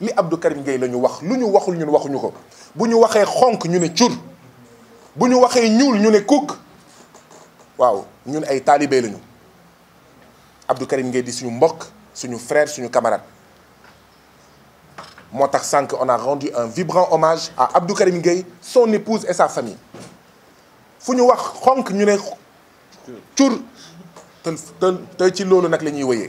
li Abdou Karim ngay lañu wax luñu waxul ñun waxuñu ko des waxé xonk ñu ne cur bu ñu les gens qui waaw ñun ay talibé lañu Abdou Karim ngay di suñu mbokk suñu frère suñu camarade on a rendu un vibrant hommage à Abdou Karim son épouse et sa famille fuñu wax xonk ñu ci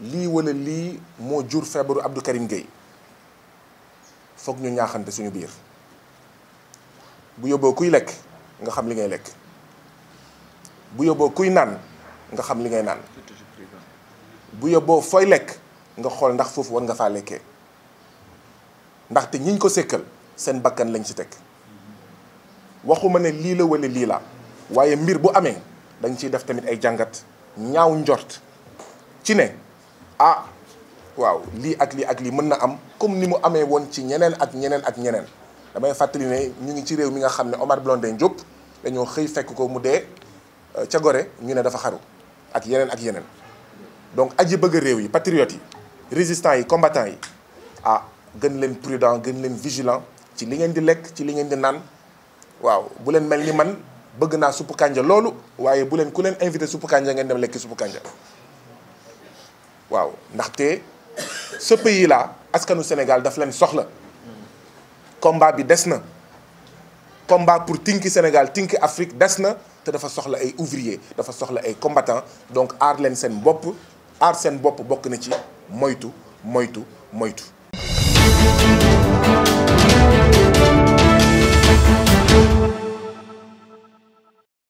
lii wala lii moo jur feebaru Abdou Karim Gueye foog ñu ñaaxante suñu biir bu yóbboo kuy lekk nga xam li ngay lekk bu yóbboo kuy naan nga xam li ngay naan bu yóbboo fooy lekk nga xool ndax foofu war nga faa lekkee ndaxte ñiñ ko sékkal seen bakkan lañ ci teg waxuma ne lii la wala lii la waaye mbir bu amee dañ ciy def tamit ay jàngat ñaaw njort ci ne ah waaw lii ak lii ak lii mën na am comme ni mu amee woon ci ñeneen ak ñeneen ak ñeneen damay fàttali ne ñu ngi ci réew mi nga xam ne Omar Blondin Diop dañoo xëy fekk ko mu dee euh, ca gore ñu ne dafa xaru ak yeneen ak yeneen donc aji bëgg réew yi patriotes yi résistants yi combattants yi ah gën leen prudent gën leen vigilant ci li ngeen di lekk ci li ngeen di naan waaw bu leen mel ni man bëgg naa suppu kànja loolu waaye bu leen ku leen invité suppu kànja ngeen dem lekk suppu kànja waaw ndaxte ce pays là askanu Sénégal daf leen soxla combat bi des combat pour tinki Sénégal tinki Afrique des na te dafa soxla ay ouvriers dafa soxla ay combattants donc arlène, sen seen bopp aar seen na ci moytu moytu moytu